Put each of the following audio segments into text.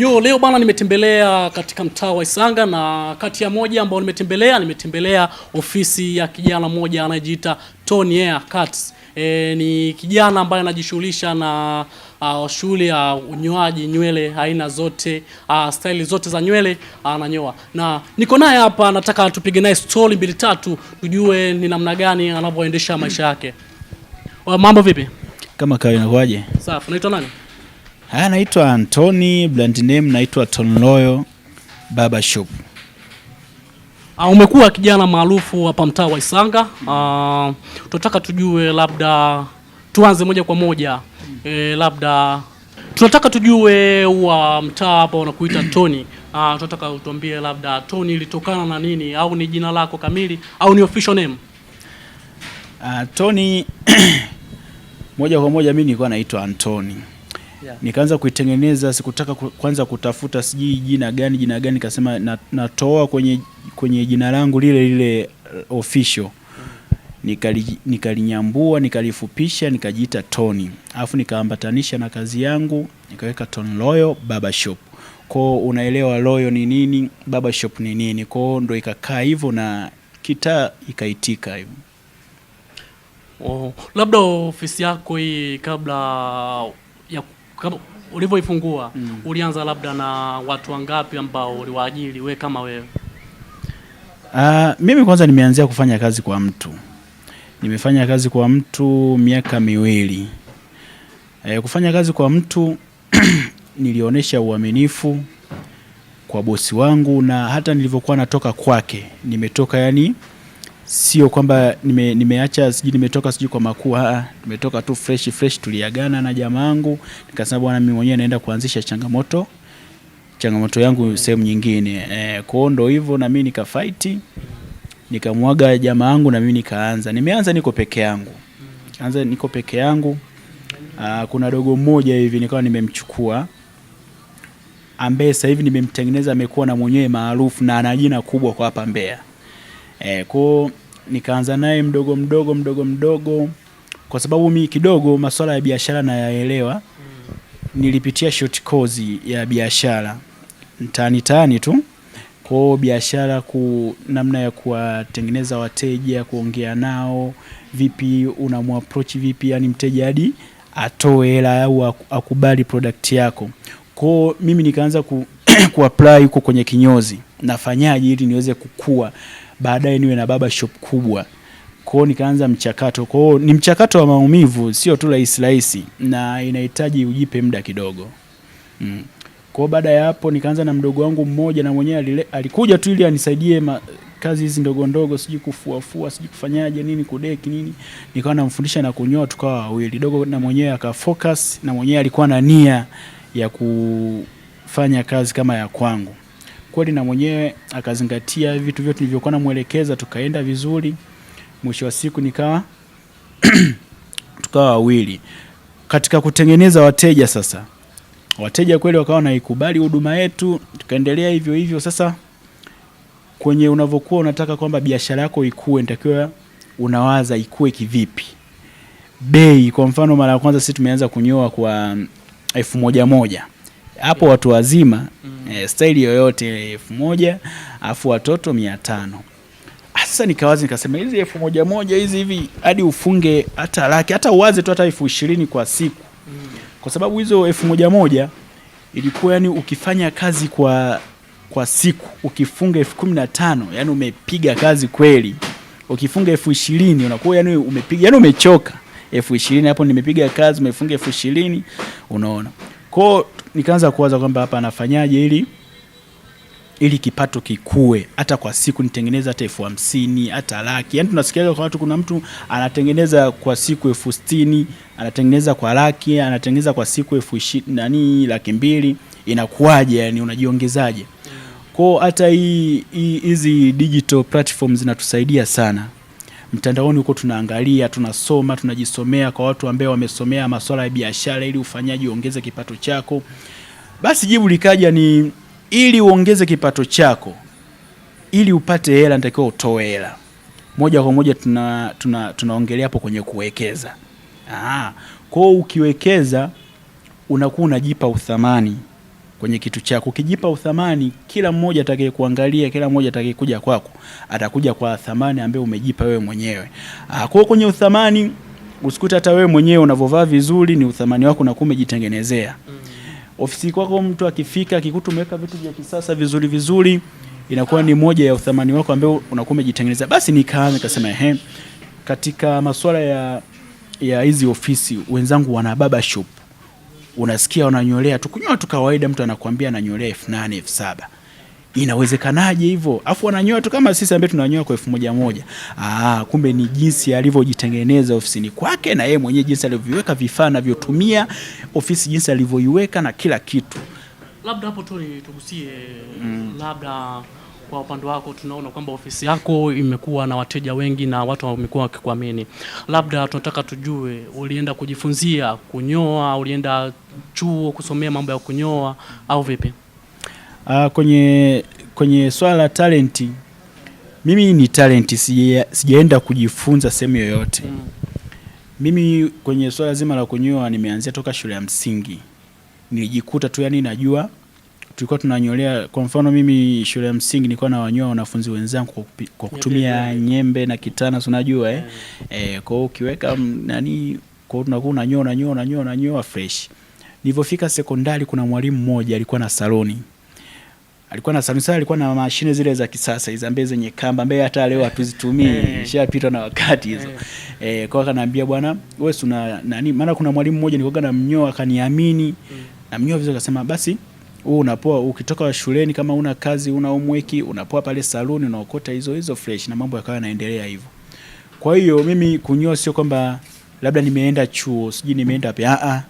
Yo, leo bana, nimetembelea katika mtaa wa Isanga na kati ya moja ambao nimetembelea nimetembelea ofisi ya kijana mmoja anayejiita Tony Air Cuts. E, ni kijana ambaye anajishughulisha na uh, shughuli ya uh, unyoaji nywele aina zote uh, style zote za nywele ananyoa, uh, na niko naye hapa, nataka tupige naye story mbili tatu, tujue ni namna gani anavyoendesha maisha yake. Mambo vipi? Kama kawaida, inakuaje? Safi. Unaitwa nani? Haya, naitwa Anthony, brand name naitwa Tonloyo Barbershop. Uh, ah, umekuwa kijana maarufu hapa mtaa wa Isanga. Uh, tunataka tujue labda tuanze moja kwa moja e, labda tunataka tujue wa mtaa hapa wanakuita Tony. Uh, ah, tunataka utuambie labda Tony ilitokana na nini au ni jina lako kamili au ni official name? Uh, Tony moja kwa moja mimi nilikuwa naitwa Anthony yeah. Nikaanza kuitengeneza, sikutaka kwanza kutafuta sijui jina gani jina gani, nikasema na, natoa kwenye, kwenye jina langu lile lile uh, official Nikali, nikalinyambua nikalifupisha nikajiita Tony, alafu nikaambatanisha na kazi yangu nikaweka Tony Royal Barbershop. Kwao unaelewa loyo ni nini, Barbershop ni nini, koo ndo ikakaa hivyo na kitaa ikaitika hivyo. Oh, labda ofisi yako hii kabla kama ulivyoifungua mm. ulianza labda na watu wangapi ambao uliwaajiri we kama wewe? Uh, mimi kwanza nimeanzia kufanya kazi kwa mtu, nimefanya kazi kwa mtu miaka miwili. E, kufanya kazi kwa mtu nilionyesha uaminifu kwa bosi wangu na hata nilivyokuwa natoka kwake nimetoka yani sio kwamba nime, nimeacha sijui nimetoka sijui kwa makuu, nimetoka tu fresh fresh. Tuliagana na jamaa yangu, nikasema bwana, mimi mwenyewe naenda kuanzisha changamoto changamoto yangu sehemu nyingine e, eh, kwao ndo hivyo, na mimi nikafight nikamwaga jamaa yangu, na mimi nikaanza. Nimeanza niko peke yangu, anza niko peke yangu. Aa, ah, kuna dogo mmoja hivi nikawa nimemchukua ambaye sasa hivi nimemtengeneza, amekuwa na mwenyewe maarufu na ana jina kubwa kwa hapa Mbeya. E, eh, kwao nikaanza naye mdogo mdogo mdogo mdogo, kwa sababu mi kidogo masuala ya biashara nayaelewa. Nilipitia short course ya biashara mtaani tani tu kwao, biashara ku namna ya kuwatengeneza wateja, kuongea nao vipi, unamwaproach vipi, yani mteja hadi atoe hela au akubali product yako. Kwao mimi nikaanza ku, kuapply huko kwenye kinyozi, nafanyaje ili niweze kukua baadaye niwe na baba shop kubwa. Kwao nikaanza mchakato. Kwao ni mchakato wa maumivu, sio tu rahisi rahisi, na inahitaji ujipe muda kidogo mm. Kwao baada ya hapo nikaanza na mdogo wangu mmoja, na mwenyewe alikuja tu ili anisaidie ma, kazi hizi ndogo ndogo, sijui kufuafua, sijui kufanyaje nini, kudeki nini. Nikawa namfundisha na kunyoa, tukawa wawili dogo, na mwenyewe akafocus, na mwenyewe alikuwa na nia ya kufanya kazi kama ya kwangu kweli, na mwenyewe akazingatia vitu vyote nilivyokuwa namwelekeza, tukaenda vizuri. Mwisho wa siku nikawa tukawa wawili katika kutengeneza wateja. Sasa wateja kweli wakawa naikubali huduma yetu, tukaendelea hivyo hivyo. Sasa kwenye unavyokuwa unataka kwamba biashara yako ikue, nitakiwa unawaza ikue kivipi, bei. Kwa mfano, mara ya kwanza sisi tumeanza kunyoa kwa mm, elfu moja moja hapo watu wazima mm. e, staili yoyote elfu moja afu watoto mia tano ah, sasa nikawazi nikasema hizi elfu moja moja hizi hivi hadi ufunge hata laki hata uwaze tu hata elfu ishirini kwa siku mm. kwa sababu hizo elfu moja moja ilikuwa yani ukifanya kazi kwa kwa siku ukifunga elfu kumi na tano yani umepiga kazi kweli ukifunga elfu ishirini unakuwa yani umepiga yani umechoka elfu ishirini hapo nimepiga kazi umefunga elfu ishirini unaona kwao nikaanza kuwaza kwamba hapa anafanyaje ili ili kipato kikue, hata kwa siku nitengeneza hata elfu hamsini hata laki. Yani tunasikia kwa watu, kuna mtu anatengeneza kwa siku elfu sitini anatengeneza kwa laki, anatengeneza kwa siku elfu nani laki mbili inakuwaje? Yani unajiongezaje? Mm. kwao hata hii hizi digital platforms zinatusaidia sana mtandaoni huko tunaangalia, tunasoma, tunajisomea kwa watu ambao wamesomea masuala ya biashara, ili ufanyaji uongeze kipato chako. Basi jibu likaja ni ili uongeze kipato chako, ili upate hela, nitakiwa utoe hela moja kwa moja. Tuna tunaongelea hapo kwenye kuwekeza. Aha, kwa ukiwekeza unakuwa unajipa uthamani kwenye kitu chako, ukijipa uthamani, kila mmoja atakaye kuangalia kila mmoja atakaye kuja kwako atakuja kwa thamani ambayo umejipa wewe mwenyewe. Ah, kwa kwenye uthamani usikute hata wewe mwenyewe unavovaa vizuri, ni uthamani wako na kumejitengenezea. mm. Ofisi kwako mtu akifika akikuta umeweka vitu vya kisasa vizuri vizuri, inakuwa ni moja ya uthamani wako ambao unakuwa umejitengenezea. Basi nikaanza kasema ehe, katika masuala ya ya hizi ofisi wenzangu wana baba shop unasikia unanyolea tu kunyoa tu kawaida, mtu anakuambia ananyolea elfu nane elfu saba Inawezekanaje hivyo? Afu wananyoa tu kama sisi ambaye tunanyoa kwa elfu moja moja. Ah, kumbe ni jinsi alivyojitengeneza ofisini kwake na yeye mwenyewe, jinsi alivyoviweka vifaa anavyotumia ofisi, jinsi alivyoiweka na kila kitu. Labda hapo tu tugusie, mm. labda kwa upande wako tunaona kwamba ofisi yako imekuwa na wateja wengi na watu wamekuwa wakikuamini, labda tunataka tujue ulienda kujifunzia kunyoa, ulienda chuo kusomea mambo ya kunyoa au vipi? Uh, kwenye kwenye swala la talenti, mimi ni talenti, sijaenda kujifunza sehemu yoyote mm. Mimi kwenye swala zima la kunyoa nimeanzia toka shule ya msingi, nilijikuta tu yani najua tulikuwa tunanyolea. Kwa mfano mimi shule ya msingi nilikuwa na wanyoa wanafunzi wenzangu kwa kutumia nyembe na kitana, si unajua eh? Mm. Eh, kwa hiyo ukiweka mm, nani, kwa hiyo tunakuwa unanyoa unanyoa unanyoa unanyoa fresh Nilipofika sekondari, kuna mwalimu mmoja alikuwa na saloni alikuwa na saloni sasa alikuwa na mashine zile za kisasa hizo ambaye zenye kamba ambaye hata leo hatuzitumii eh. ishapitwa na wakati hizo. Eh, eh kwa kanaambia bwana, wewe una nani? Maana kuna mwalimu mmoja nilikuwa na mnyoa, akaniamini mm. na mnyoa vizuri, akasema basi wewe unapoa ukitoka shuleni, kama una kazi una homework, unapoa pale saloni unaokota hizo hizo fresh, na mambo yakawa yanaendelea hivyo. Kwa hiyo mimi kunyoa sio kwamba labda nimeenda chuo sijui nimeenda wapi, a ah, a ah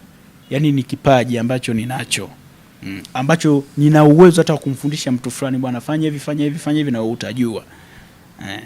yani ni kipaji ambacho ninacho mm, ambacho nina uwezo hata wa kumfundisha mtu fulani, bwana fanya hivi, fanya hivi, fanya hivi, na utajua eh.